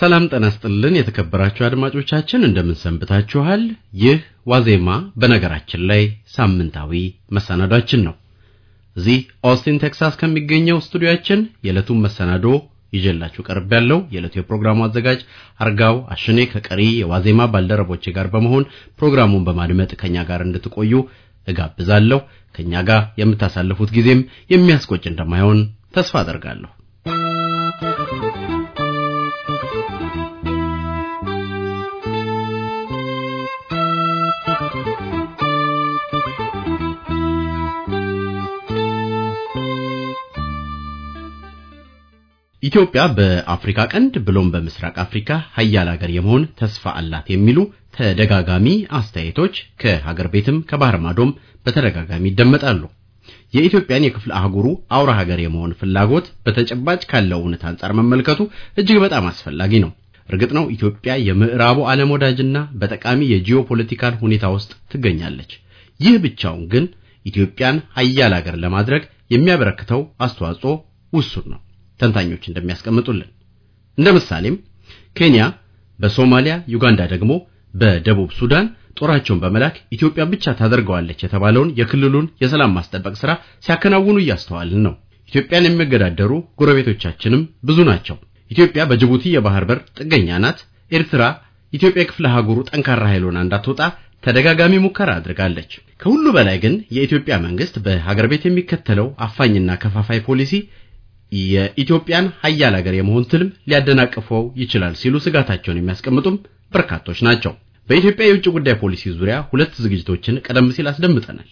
ሰላም ጤና ይስጥልን የተከበራችሁ አድማጮቻችን ሰንብታችኋል ይህ ዋዜማ በነገራችን ላይ ሳምንታዊ መሰናዷችን ነው። እዚህ ኦስቲን ቴክሳስ ከሚገኘው ስቱዲያችን የዕለቱን መሰናዶ ይጀላችሁ ቀርብ ያለው የዕለቱ የፕሮግራሙ አዘጋጅ አርጋው አሽኔ ከቀሪ የዋዜማ ባልደረቦች ጋር በመሆን ፕሮግራሙን በማድመጥ ከኛ ጋር እንድትቆዩ እጋብዛለሁ። ከኛ ጋር የምታሳልፉት ጊዜም የሚያስቆጭ እንደማይሆን ተስፋ አደርጋለሁ። ኢትዮጵያ በአፍሪካ ቀንድ ብሎም በምስራቅ አፍሪካ ሀያል ሀገር የመሆን ተስፋ አላት የሚሉ ተደጋጋሚ አስተያየቶች ከሀገር ቤትም ከባህር ማዶም በተደጋጋሚ ይደመጣሉ። የኢትዮጵያን የክፍለ አህጉሩ አውራ ሀገር የመሆን ፍላጎት በተጨባጭ ካለው እውነት አንጻር መመልከቱ እጅግ በጣም አስፈላጊ ነው። እርግጥ ነው ኢትዮጵያ የምዕራቡ ዓለም ወዳጅና በጠቃሚ የጂኦፖለቲካል ሁኔታ ውስጥ ትገኛለች። ይህ ብቻውን ግን ኢትዮጵያን ሀያል ሀገር ለማድረግ የሚያበረክተው አስተዋጽኦ ውሱን ነው። ተንታኞች እንደሚያስቀምጡልን እንደ ምሳሌም ኬንያ በሶማሊያ ዩጋንዳ ደግሞ በደቡብ ሱዳን ጦራቸውን በመላክ ኢትዮጵያ ብቻ ታደርገዋለች የተባለውን የክልሉን የሰላም ማስጠበቅ ስራ ሲያከናውኑ እያስተዋልን ነው። ኢትዮጵያን የሚገዳደሩ ጎረቤቶቻችንም ብዙ ናቸው። ኢትዮጵያ በጅቡቲ የባህር በር ጥገኛ ናት። ኤርትራ ኢትዮጵያ ክፍለ ሀገሩ ጠንካራ ኃይል ሆና እንዳትወጣ ተደጋጋሚ ሙከራ አድርጋለች። ከሁሉ በላይ ግን የኢትዮጵያ መንግስት በሀገር ቤት የሚከተለው አፋኝና ከፋፋይ ፖሊሲ የኢትዮጵያን ሀያል ሀገር የመሆን ትልም ሊያደናቅፈው ይችላል ሲሉ ስጋታቸውን የሚያስቀምጡም በርካቶች ናቸው። በኢትዮጵያ የውጭ ጉዳይ ፖሊሲ ዙሪያ ሁለት ዝግጅቶችን ቀደም ሲል አስደምጠናል።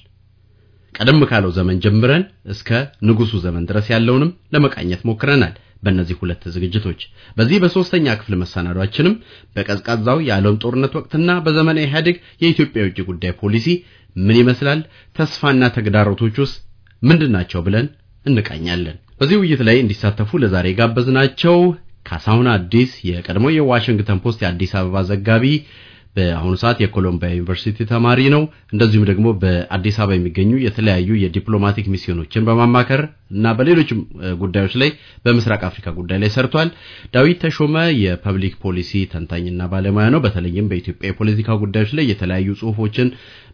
ቀደም ካለው ዘመን ጀምረን እስከ ንጉሱ ዘመን ድረስ ያለውንም ለመቃኘት ሞክረናል። በእነዚህ ሁለት ዝግጅቶች በዚህ በሶስተኛ ክፍል መሰናዷችንም በቀዝቃዛው የዓለም ጦርነት ወቅትና በዘመነ ኢህአዴግ የኢትዮጵያ የውጭ ጉዳይ ፖሊሲ ምን ይመስላል፣ ተስፋና ተግዳሮቶች ውስጥ ምንድናቸው ብለን እንቃኛለን። በዚህ ውይይት ላይ እንዲሳተፉ ለዛሬ ጋበዝናቸው ካሳሁን አዲስ የቀድሞ የዋሽንግተን ፖስት የአዲስ አበባ ዘጋቢ በአሁኑ ሰዓት የኮሎምቢያ ዩኒቨርሲቲ ተማሪ ነው። እንደዚሁም ደግሞ በአዲስ አበባ የሚገኙ የተለያዩ የዲፕሎማቲክ ሚስዮኖችን በማማከር እና በሌሎችም ጉዳዮች ላይ በምስራቅ አፍሪካ ጉዳይ ላይ ሰርቷል። ዳዊት ተሾመ የፐብሊክ ፖሊሲ ተንታኝና ባለሙያ ነው። በተለይም በኢትዮጵያ የፖለቲካ ጉዳዮች ላይ የተለያዩ ጽሁፎችን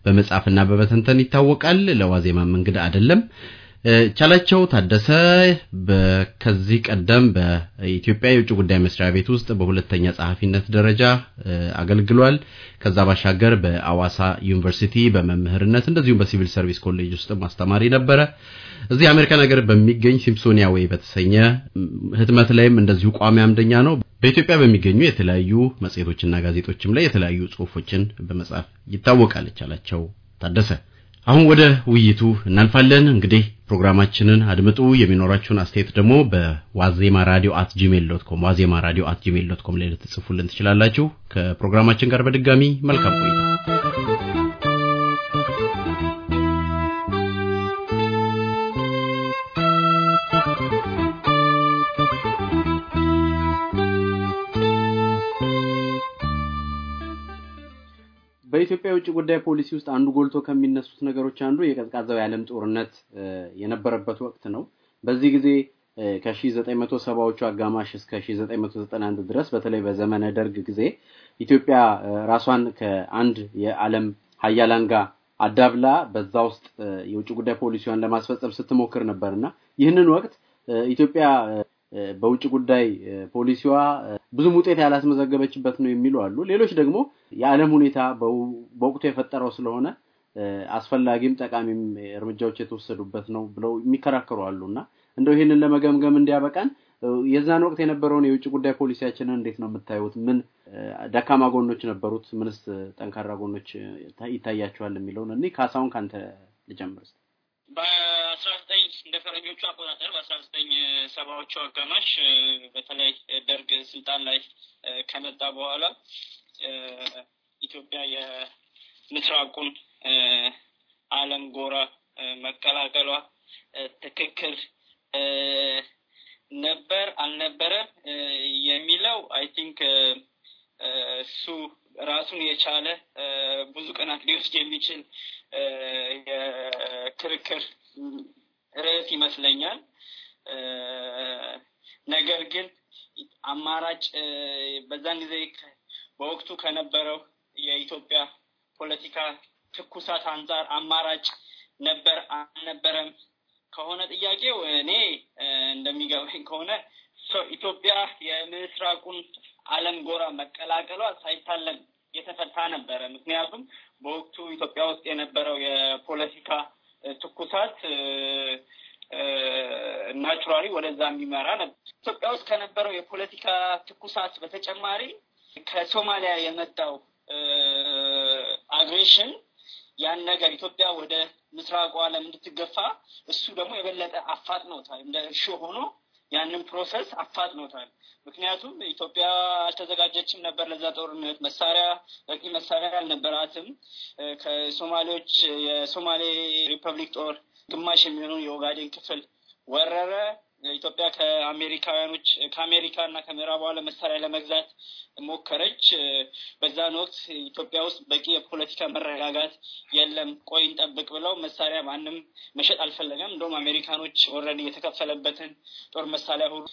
በመጻፍና በመተንተን ይታወቃል። ለዋዜማም እንግዳ አይደለም። ቻላቸው ታደሰ ከዚህ ቀደም በኢትዮጵያ የውጭ ጉዳይ መስሪያ ቤት ውስጥ በሁለተኛ ጸሐፊነት ደረጃ አገልግሏል። ከዛ ባሻገር በአዋሳ ዩኒቨርሲቲ በመምህርነት እንደዚሁም በሲቪል ሰርቪስ ኮሌጅ ውስጥ ማስተማሪ ነበረ። እዚህ የአሜሪካ ነገር በሚገኝ ሲምሶኒያ ዌይ በተሰኘ ህትመት ላይም እንደዚሁ ቋሚ አምደኛ ነው። በኢትዮጵያ በሚገኙ የተለያዩ መጽሔቶችና ጋዜጦችም ላይ የተለያዩ ጽሁፎችን በመጻፍ ይታወቃል። ቻላቸው ታደሰ አሁን ወደ ውይይቱ እናልፋለን። እንግዲህ ፕሮግራማችንን አድምጡ። የሚኖራችሁን አስተያየት ደግሞ በዋዜማ ራዲዮ አት ጂሜል ዶት ኮም ዋዜማ ራዲዮ አት ጂሜል ዶት ኮም ላይ ልትጽፉልን ትችላላችሁ። ከፕሮግራማችን ጋር በድጋሚ መልካም ቆይታ በኢትዮጵያ የውጭ ጉዳይ ፖሊሲ ውስጥ አንዱ ጎልቶ ከሚነሱት ነገሮች አንዱ የቀዝቃዛው የዓለም ጦርነት የነበረበት ወቅት ነው። በዚህ ጊዜ ከ1970ዎቹ አጋማሽ እስከ 1991 ድረስ በተለይ በዘመነ ደርግ ጊዜ ኢትዮጵያ ራሷን ከአንድ የዓለም ሀያላን ጋር አዳብላ በዛ ውስጥ የውጭ ጉዳይ ፖሊሲዋን ለማስፈጸም ስትሞክር ነበርና ይህንን ወቅት ኢትዮጵያ በውጭ ጉዳይ ፖሊሲዋ ብዙም ውጤት ያላስመዘገበችበት ነው የሚሉ አሉ። ሌሎች ደግሞ የዓለም ሁኔታ በወቅቱ የፈጠረው ስለሆነ አስፈላጊም ጠቃሚም እርምጃዎች የተወሰዱበት ነው ብለው የሚከራከሩ አሉ እና እንደው ይህንን ለመገምገም እንዲያበቃን የዛን ወቅት የነበረውን የውጭ ጉዳይ ፖሊሲያችንን እንዴት ነው የምታዩት? ምን ደካማ ጎኖች ነበሩት? ምንስ ጠንካራ ጎኖች ይታያቸዋል? የሚለውን እኔ ካሳሁን ከአንተ ልጀምር። በአስራ ዘጠኝ እንደ ፈረንጆቹ አቆጣጠር በአስራ ዘጠኝ ሰባዎቹ አጋማሽ በተለይ ደርግ ስልጣን ላይ ከመጣ በኋላ ኢትዮጵያ የምስራቁን ዓለም ጎራ መቀላቀሏ ትክክል ነበር አልነበረ የሚለው አይ ቲንክ እሱ ራሱን የቻለ ብዙ ቀናት ሊወስድ የሚችል የክርክር ርዕስ ይመስለኛል። ነገር ግን አማራጭ በዛን ጊዜ በወቅቱ ከነበረው የኢትዮጵያ ፖለቲካ ትኩሳት አንጻር አማራጭ ነበር አልነበረም ከሆነ ጥያቄው እኔ እንደሚገባኝ ከሆነ ኢትዮጵያ የምስራቁን ዓለም ጎራ መቀላቀሏ ሳይታለም የተፈታ ነበረ። ምክንያቱም በወቅቱ ኢትዮጵያ ውስጥ የነበረው የፖለቲካ ትኩሳት ናቹራሊ ወደዛ የሚመራ ነበር። ኢትዮጵያ ውስጥ ከነበረው የፖለቲካ ትኩሳት በተጨማሪ ከሶማሊያ የመጣው አግሬሽን ያን ነገር ኢትዮጵያ ወደ ምስራቁ ዓለም እንድትገፋ እሱ ደግሞ የበለጠ አፋጥኖታል። እንደ እርሾ ሆኖ ያንን ፕሮሰስ አፋጥኖታል። ምክንያቱም ኢትዮጵያ አልተዘጋጀችም ነበር ለዛ ጦርነት። መሳሪያ በቂ መሳሪያ አልነበራትም። ከሶማሌዎች የሶማሌ ሪፐብሊክ ጦር ግማሽ የሚሆኑ የኦጋዴን ክፍል ወረረ። ኢትዮጵያ ከአሜሪካውያኖች ከአሜሪካ እና ከምዕራቡ ዓለም መሳሪያ ለመግዛት ሞከረች። በዛን ወቅት ኢትዮጵያ ውስጥ በቂ የፖለቲካ መረጋጋት የለም፣ ቆይ እንጠብቅ ብለው መሳሪያ ማንም መሸጥ አልፈለገም። እንደውም አሜሪካኖች ኦልሬዲ የተከፈለበትን ጦር መሳሪያ ሁሉ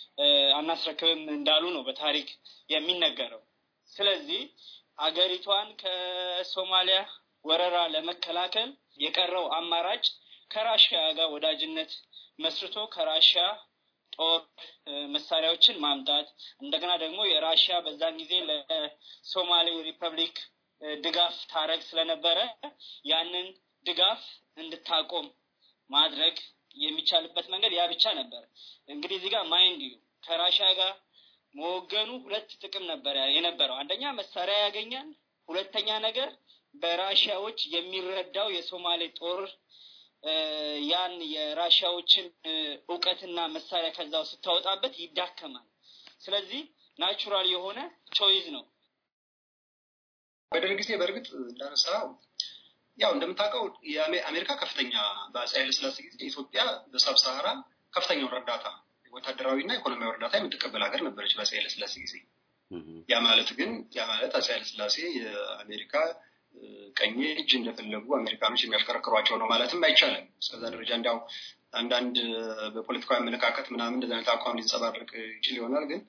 አናስረክብም እንዳሉ ነው በታሪክ የሚነገረው። ስለዚህ አገሪቷን ከሶማሊያ ወረራ ለመከላከል የቀረው አማራጭ ከራሽያ ጋር ወዳጅነት መስርቶ ከራሽያ ጦር መሳሪያዎችን ማምጣት እንደገና ደግሞ የራሽያ በዛን ጊዜ ለሶማሌ ሪፐብሊክ ድጋፍ ታረግ ስለነበረ ያንን ድጋፍ እንድታቆም ማድረግ የሚቻልበት መንገድ ያ ብቻ ነበር። እንግዲህ እዚህ ጋር ማይንድ ዩ ከራሻ ጋር መወገኑ ሁለት ጥቅም ነበር የነበረው። አንደኛ መሳሪያ ያገኛል። ሁለተኛ ነገር በራሽያዎች የሚረዳው የሶማሌ ጦር ያን የራሻዎችን እውቀትና መሳሪያ ከዛው ስታወጣበት ይዳከማል። ስለዚህ ናቹራል የሆነ ቾይዝ ነው። በደርግ ጊዜ በእርግጥ እንዳነሳው ያው እንደምታውቀው የአሜሪካ ከፍተኛ በአፄ ኃይለሥላሴ ጊዜ ኢትዮጵያ በሳብ ሰሃራ ከፍተኛውን እርዳታ ወታደራዊና ኢኮኖሚያዊ እርዳታ የምትቀበል ሀገር ነበረች በአፄ ኃይለሥላሴ ጊዜ። ያ ማለት ግን ያ ማለት አፄ ኃይለሥላሴ የአሜሪካ ቀኝ እጅ እንደፈለጉ አሜሪካኖች የሚያሽከረክሯቸው ነው ማለትም አይቻልም። እስከዛ ደረጃ እንዲያው አንዳንድ በፖለቲካዊ አመለካከት ምናምን እንደዚ አይነት አቋም ሊንጸባረቅ ይችል ይሆናል። ግን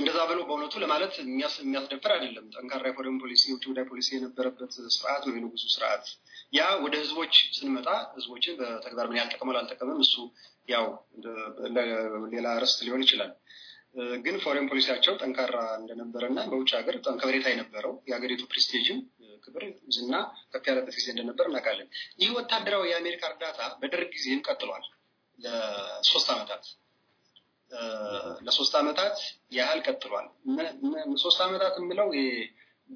እንደዛ ብሎ በእውነቱ ለማለት የሚያስደፍር አይደለም። ጠንካራ የፎረን ፖሊሲ የውጭ ጉዳይ ፖሊሲ የነበረበት ስርዓት ነው የንጉሱ ስርዓት። ያ ወደ ህዝቦች ስንመጣ ህዝቦችን በተግባር ምን ያህል አልጠቀመም እሱ ያው ሌላ ርስት ሊሆን ይችላል። ግን ፎሬን ፖሊሲያቸው ጠንካራ እንደነበረ እና በውጭ ሀገር ከበሬታ የነበረው የሀገሪቱ ፕሪስቴጅም ክብር፣ ዝና ከፍ ያለበት ጊዜ እንደነበር እናውቃለን። ይህ ወታደራዊ የአሜሪካ እርዳታ በደርግ ጊዜም ቀጥሏል። ለሶስት ዓመታት ለሶስት ዓመታት ያህል ቀጥሏል። ሶስት ዓመታት የምለው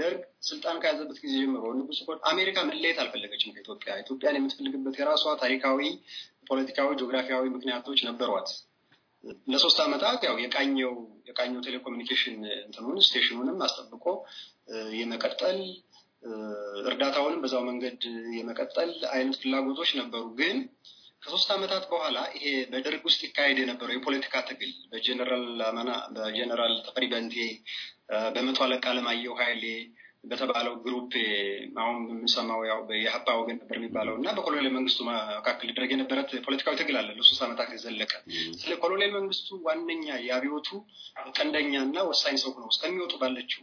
ደርግ ስልጣን ከያዘበት ጊዜ ጀምሮ ንጉስ አሜሪካ መለየት አልፈለገችም ከኢትዮጵያ። ኢትዮጵያን የምትፈልግበት የራሷ ታሪካዊ፣ ፖለቲካዊ፣ ጂኦግራፊያዊ ምክንያቶች ነበሯት። ለሶስት ዓመታት ያው የቃኘው የቃኘው ቴሌኮሙኒኬሽን እንትኑን ስቴሽኑንም አስጠብቆ የመቀጠል እርዳታውንም በዛው መንገድ የመቀጠል አይነት ፍላጎቶች ነበሩ። ግን ከሶስት ዓመታት በኋላ ይሄ በደርግ ውስጥ ይካሄድ የነበረው የፖለቲካ ትግል በጀነራል አመና በጀነራል ተፈሪ በንቴ በመቶ አለቃ አለማየሁ ኃይሌ በተባለው ግሩፕ አሁን የምንሰማው ያው የሀፓ ወገን ነበር የሚባለው እና በኮሎኔል መንግስቱ መካከል ሊደረግ የነበረት ፖለቲካዊ ትግል አለ ለሶስት ዓመታት የዘለቀ። ስለ ኮሎኔል መንግስቱ ዋነኛ የአብዮቱ ቀንደኛ እና ወሳኝ ሰው ነው እስከሚወጡ ባለችው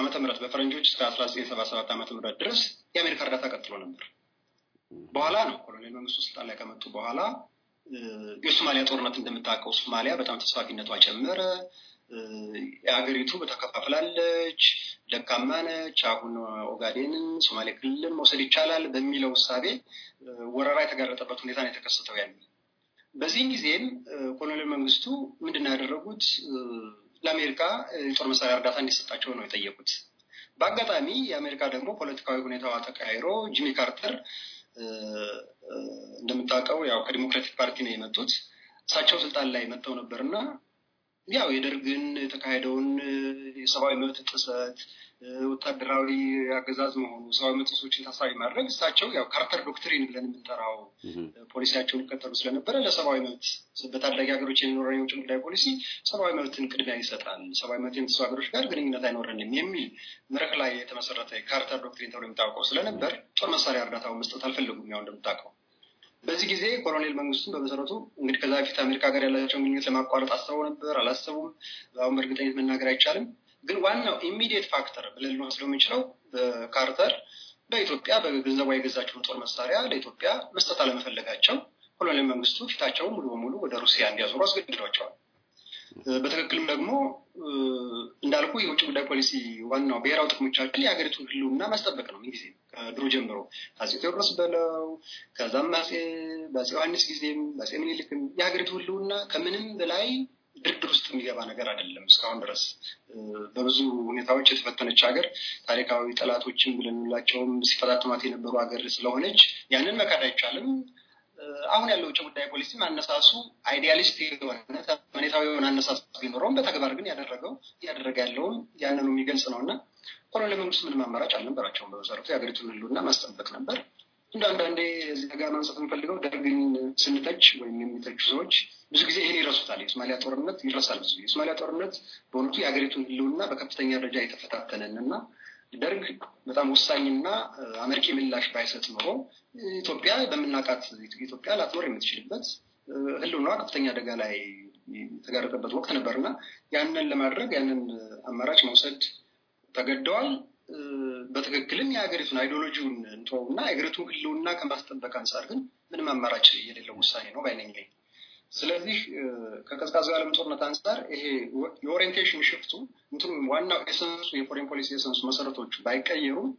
ዓመተ ምህረት በፈረንጆች እስከ አስራ ዘጠኝ ሰባ ሰባት ዓመተ ምህረት ድረስ የአሜሪካ እርዳታ ቀጥሎ ነበር። በኋላ ነው ኮሎኔል መንግስቱ ስልጣን ላይ ከመጡ በኋላ የሶማሊያ ጦርነት እንደምታውቀው ሶማሊያ በጣም ተስፋፊነቷ ጨመረ። የሀገሪቱ በተከፋፍላለች። ደካማ ነች፣ አሁን ኦጋዴንን፣ ሶማሌ ክልልን መውሰድ ይቻላል በሚለው እሳቤ ወረራ የተጋረጠበት ሁኔታ ነው የተከሰተው። ያለ በዚህም ጊዜም ኮሎኔል መንግስቱ ምንድን ነው ያደረጉት? ለአሜሪካ የጦር መሳሪያ እርዳታ እንዲሰጣቸው ነው የጠየቁት። በአጋጣሚ የአሜሪካ ደግሞ ፖለቲካዊ ሁኔታዋ ተቀያይሮ ጂሚ ካርተር እንደምታውቀው ያው ከዲሞክራቲክ ፓርቲ ነው የመጡት እሳቸው ስልጣን ላይ መጥተው ነበር እና ያው የደርግን የተካሄደውን የሰብአዊ መብት ጥሰት ወታደራዊ አገዛዝ መሆኑ ሰብአዊ መብት ጥሰቶችን ታሳቢ ማድረግ እሳቸው ያው ካርተር ዶክትሪን ብለን የምንጠራው ፖሊሲያቸውን ይከተሉ ስለነበረ ለሰብአዊ መብት በታዳጊ ሀገሮች የሚኖረን የውጭ ጉዳይ ፖሊሲ ሰብአዊ መብትን ቅድሚያ ይሰጣል፣ ሰብአዊ መብት የሚጥሱ ሀገሮች ጋር ግንኙነት አይኖረንም የሚል መርህ ላይ የተመሰረተ ካርተር ዶክትሪን ተብሎ የሚታወቀው ስለነበር ጦር መሳሪያ እርዳታው መስጠት አልፈለጉም። ያው እንደምታውቀው በዚህ ጊዜ ኮሎኔል መንግስቱን በመሰረቱ እንግዲህ ከዛ በፊት አሜሪካ ጋር ያላቸውን ግንኙነት ለማቋረጥ አስበው ነበር አላሰቡም፣ አሁን በእርግጠኝነት መናገር አይቻልም። ግን ዋናው ኢሚዲየት ፋክተር ብለን ልንወስደው የምንችለው ካርተር በኢትዮጵያ በገንዘቧ የገዛቸውን ጦር መሳሪያ ለኢትዮጵያ መስጠት አለመፈለጋቸው ኮሎኔል መንግስቱ ፊታቸውን ሙሉ በሙሉ ወደ ሩሲያ እንዲያዞሩ አስገድዷቸዋል። በትክክልም ደግሞ እንዳልኩ የውጭ ጉዳይ ፖሊሲ ዋናው ብሔራዊ ጥቅሞቻችን የሀገሪቱ ህልውና ማስጠበቅ ነው። ጊዜ ከድሮ ጀምሮ አፄ ቴዎድሮስ በለው ከዛም በአፄ ዮሐንስ ጊዜም በአፄ ምኒልክም የሀገሪቱ ህልውና ከምንም በላይ ድርድር ውስጥ የሚገባ ነገር አይደለም። እስካሁን ድረስ በብዙ ሁኔታዎች የተፈተነች ሀገር ታሪካዊ ጠላቶችን ብለንላቸውም ሲፈታትኗት የነበሩ ሀገር ስለሆነች ያንን መካድ አይቻልም። አሁን ያለው ውጭ ጉዳይ ፖሊሲም አነሳሱ አይዲያሊስት የሆነ ተመኔታዊ የሆነ አነሳሱ ቢኖረውም በተግባር ግን ያደረገው እያደረገ ያለውን ያንኑ የሚገልጽ ነው እና ኮሎኔል መንግስት ምንም አማራጭ አልነበራቸውም። በመሰረቱ የሀገሪቱን ህልውና ማስጠበቅ ነበር። እንደ አንዳንዴ እዚህ ጋር ማንሳት የምፈልገው ደርግን ስንተች ወይም የሚተቹ ሰዎች ብዙ ጊዜ ይህን ይረሱታል። የሶማሊያ ጦርነት ይረሳል። ብዙ የሶማሊያ ጦርነት በእውነቱ የሀገሪቱን ህልውና በከፍተኛ ደረጃ የተፈታተነን እና ደርግ በጣም ወሳኝና አመርቂ ምላሽ ባይሰጥ ኖሮ ኢትዮጵያ በምናቃት ኢትዮጵያ ላትኖር የምትችልበት ህልውና ከፍተኛ አደጋ ላይ የተጋረጠበት ወቅት ነበር ያንን ለማድረግ ያንን አማራጭ መውሰድ ተገደዋል። በትክክልም የሀገሪቱን አይዲሎጂውን እንተወውና የሀገሪቱን ህልውና ከማስጠበቅ አንጻር ግን ምንም አማራጭ የሌለው ውሳኔ ነው ባይነኝ ላይ ስለዚህ ከቀዝቃዛው የዓለም ጦርነት አንጻር ይሄ የኦሪንቴሽን ሽፍቱ እንትም ዋናው ኤሰንሱ የፎሬን ፖሊሲ ኤሰንሱ መሰረቶች ባይቀየሩም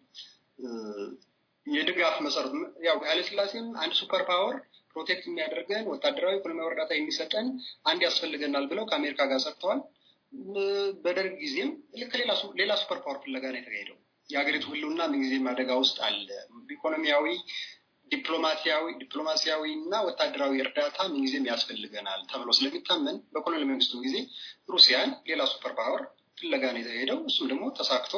የድጋፍ መሰረት ያው ኃይለስላሴም አንድ ሱፐር ፓወር ፕሮቴክት የሚያደርገን ወታደራዊ ኢኮኖሚያዊ እርዳታ የሚሰጠን አንድ ያስፈልገናል ብለው ከአሜሪካ ጋር ሰርተዋል። በደርግ ጊዜም ልክ ሌላ ሱፐር ፓወር ፍለጋ ነው የተካሄደው። የሀገሪቱ ሕልውና ምንጊዜም አደጋ ውስጥ አለ። ኢኮኖሚያዊ ዲፕሎማሲያዊ ዲፕሎማሲያዊ እና ወታደራዊ እርዳታ ምንጊዜም ያስፈልገናል ተብሎ ስለሚታመን በኮሎኔል መንግስቱ ጊዜ ሩሲያን ሌላ ሱፐር ፓወር ፍለጋ ነው የተሄደው። እሱም ደግሞ ተሳክቶ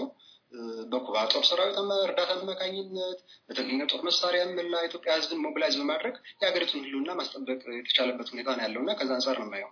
በኩባ ጦር ሰራዊት እርዳታ አማካኝነት በተገኘ ጦር መሳሪያ መላ ኢትዮጵያ ህዝብን ሞቢላይዝ በማድረግ የሀገሪቱን ህልውና ማስጠበቅ የተቻለበት ሁኔታ ነው ያለው እና ከዛ አንጻር ነው የማየው።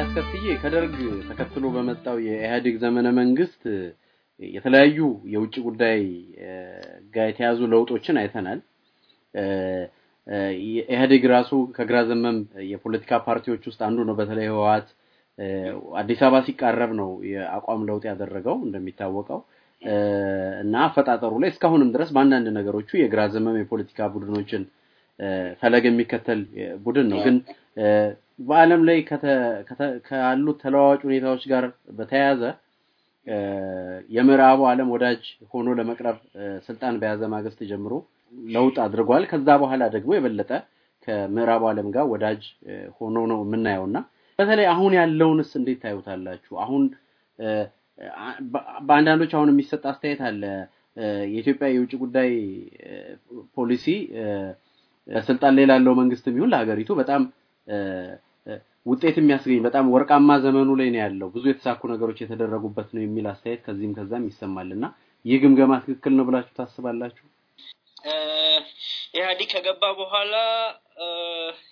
አስከትዬ ከደርግ ተከትሎ በመጣው የኢህአዴግ ዘመነ መንግስት የተለያዩ የውጭ ጉዳይ ጋር የተያዙ ለውጦችን አይተናል። ኢህአዴግ ራሱ ከግራ ዘመም የፖለቲካ ፓርቲዎች ውስጥ አንዱ ነው። በተለይ ህወሓት አዲስ አበባ ሲቃረብ ነው የአቋም ለውጥ ያደረገው እንደሚታወቀው እና አፈጣጠሩ ላይ እስካሁንም ድረስ በአንዳንድ ነገሮቹ የግራ ዘመም የፖለቲካ ቡድኖችን ፈለግ የሚከተል ቡድን ነው። ግን በዓለም ላይ ካሉት ተለዋዋጭ ሁኔታዎች ጋር በተያያዘ የምዕራቡ ዓለም ወዳጅ ሆኖ ለመቅረብ ስልጣን በያዘ ማግስት ጀምሮ ለውጥ አድርጓል። ከዛ በኋላ ደግሞ የበለጠ ከምዕራቡ ዓለም ጋር ወዳጅ ሆኖ ነው የምናየውና በተለይ አሁን ያለውንስ እንዴት ታዩታላችሁ? አሁን በአንዳንዶች አሁን የሚሰጥ አስተያየት አለ። የኢትዮጵያ የውጭ ጉዳይ ፖሊሲ ስልጣን ላይ ላለው መንግስትም ይሁን ለሀገሪቱ በጣም ውጤት የሚያስገኝ በጣም ወርቃማ ዘመኑ ላይ ነው ያለው፣ ብዙ የተሳኩ ነገሮች የተደረጉበት ነው የሚል አስተያየት ከዚህም ከዛም ይሰማል እና ይህ ግምገማ ትክክል ነው ብላችሁ ታስባላችሁ? ኢህአዲግ ከገባ በኋላ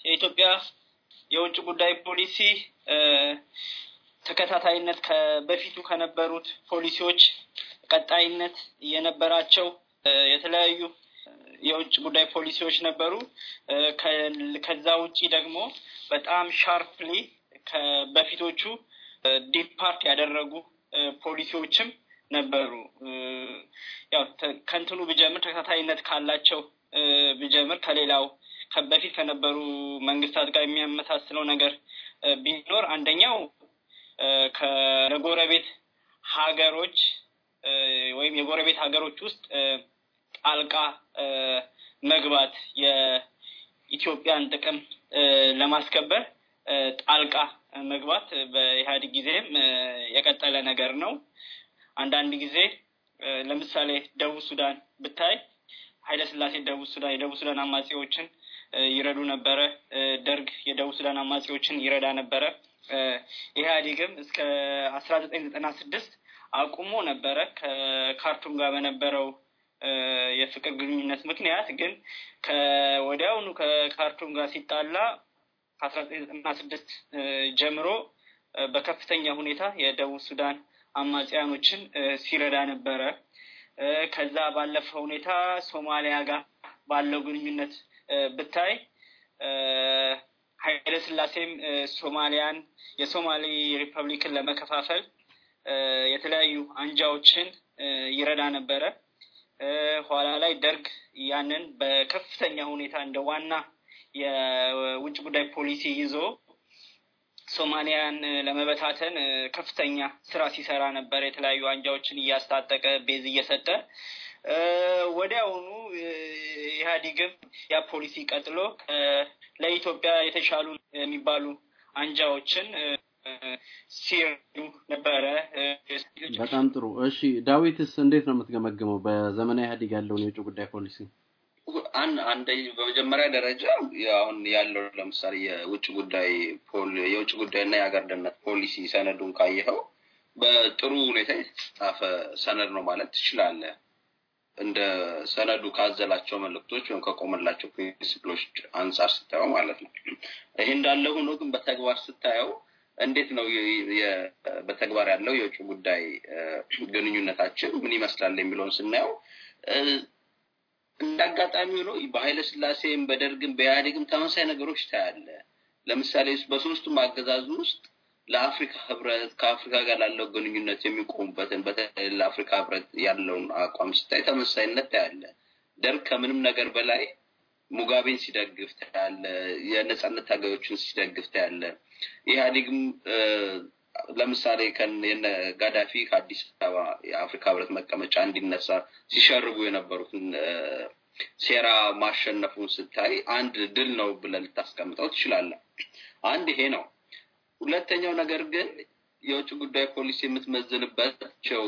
የኢትዮጵያ የውጭ ጉዳይ ፖሊሲ ተከታታይነት በፊቱ ከነበሩት ፖሊሲዎች ቀጣይነት የነበራቸው የተለያዩ የውጭ ጉዳይ ፖሊሲዎች ነበሩ። ከዛ ውጪ ደግሞ በጣም ሻርፕሊ በፊቶቹ ዲፓርት ያደረጉ ፖሊሲዎችም ነበሩ። ያው ከንትኑ ብጀምር ተከታታይነት ካላቸው ብጀምር ከሌላው በፊት ከነበሩ መንግስታት ጋር የሚያመሳስለው ነገር ቢኖር አንደኛው ከጎረቤት ሀገሮች ወይም የጎረቤት ሀገሮች ውስጥ ጣልቃ መግባት የኢትዮጵያን ጥቅም ለማስከበር ጣልቃ መግባት በኢህአዴግ ጊዜም የቀጠለ ነገር ነው። አንዳንድ ጊዜ ለምሳሌ ደቡብ ሱዳን ብታይ ኃይለስላሴ ደቡብ ሱዳን የደቡብ ሱዳን አማጺዎችን ይረዱ ነበረ። ደርግ የደቡብ ሱዳን አማጺዎችን ይረዳ ነበረ። ኢህአዴግም እስከ አስራ ዘጠኝ ዘጠና ስድስት አቁሞ ነበረ ከካርቱም ጋር በነበረው የፍቅር ግንኙነት ምክንያት ግን ከወዲያውኑ ከካርቱም ጋር ሲጣላ ከአስራ ዘጠና ስድስት ጀምሮ በከፍተኛ ሁኔታ የደቡብ ሱዳን አማጽያኖችን ሲረዳ ነበረ። ከዛ ባለፈ ሁኔታ ሶማሊያ ጋር ባለው ግንኙነት ብታይ ኃይለ ስላሴም ሶማሊያን የሶማሊ ሪፐብሊክን ለመከፋፈል የተለያዩ አንጃዎችን ይረዳ ነበረ። ኋላ ላይ ደርግ ያንን በከፍተኛ ሁኔታ እንደ ዋና የውጭ ጉዳይ ፖሊሲ ይዞ ሶማሊያን ለመበታተን ከፍተኛ ስራ ሲሰራ ነበር። የተለያዩ አንጃዎችን እያስታጠቀ ቤዝ እየሰጠ ወዲያውኑ ኢህአዲግም ያ ፖሊሲ ቀጥሎ ለኢትዮጵያ የተሻሉ የሚባሉ አንጃዎችን ሲሉ ነበረ። በጣም ጥሩ። እሺ ዳዊትስ እንዴት ነው የምትገመግመው በዘመነ ኢህአዴግ ያለውን የውጭ ጉዳይ ፖሊሲ? አንድ በመጀመሪያ ደረጃ አሁን ያለው ለምሳሌ የውጭ ጉዳይ የውጭ ጉዳይና የሀገር ደህንነት ፖሊሲ ሰነዱን ካየኸው በጥሩ ሁኔታ የተጻፈ ሰነድ ነው ማለት ትችላለህ። እንደ ሰነዱ ካዘላቸው መልእክቶች ወይም ከቆመላቸው ፕሪንስፕሎች አንጻር ስታየው ማለት ነው። ይህ እንዳለ ሆኖ ግን በተግባር ስታየው እንዴት ነው በተግባር ያለው የውጭ ጉዳይ ግንኙነታችን ምን ይመስላል የሚለውን ስናየው እንደ አጋጣሚ ሆኖ በኃይለ ስላሴም በደርግም በኢህአዴግም ተመሳይ ነገሮች ታያለ። ለምሳሌ በሶስቱም አገዛዙ ውስጥ ለአፍሪካ ህብረት ከአፍሪካ ጋር ላለው ግንኙነት የሚቆሙበትን በተለይ ለአፍሪካ ህብረት ያለውን አቋም ስታይ ተመሳይነት ታያለ። ደርግ ከምንም ነገር በላይ ሙጋቤን ሲደግፍ ታያለ፣ የነጻነት ታጋዮችን ሲደግፍ ታያለ። ኢህአዴግም ለምሳሌ ከነ ጋዳፊ ከአዲስ አበባ የአፍሪካ ህብረት መቀመጫ እንዲነሳ ሲሸርቡ የነበሩትን ሴራ ማሸነፉን ስታይ አንድ ድል ነው ብለህ ልታስቀምጠው ትችላለህ። አንድ ይሄ ነው። ሁለተኛው ነገር ግን የውጭ ጉዳይ ፖሊሲ የምትመዝንባቸው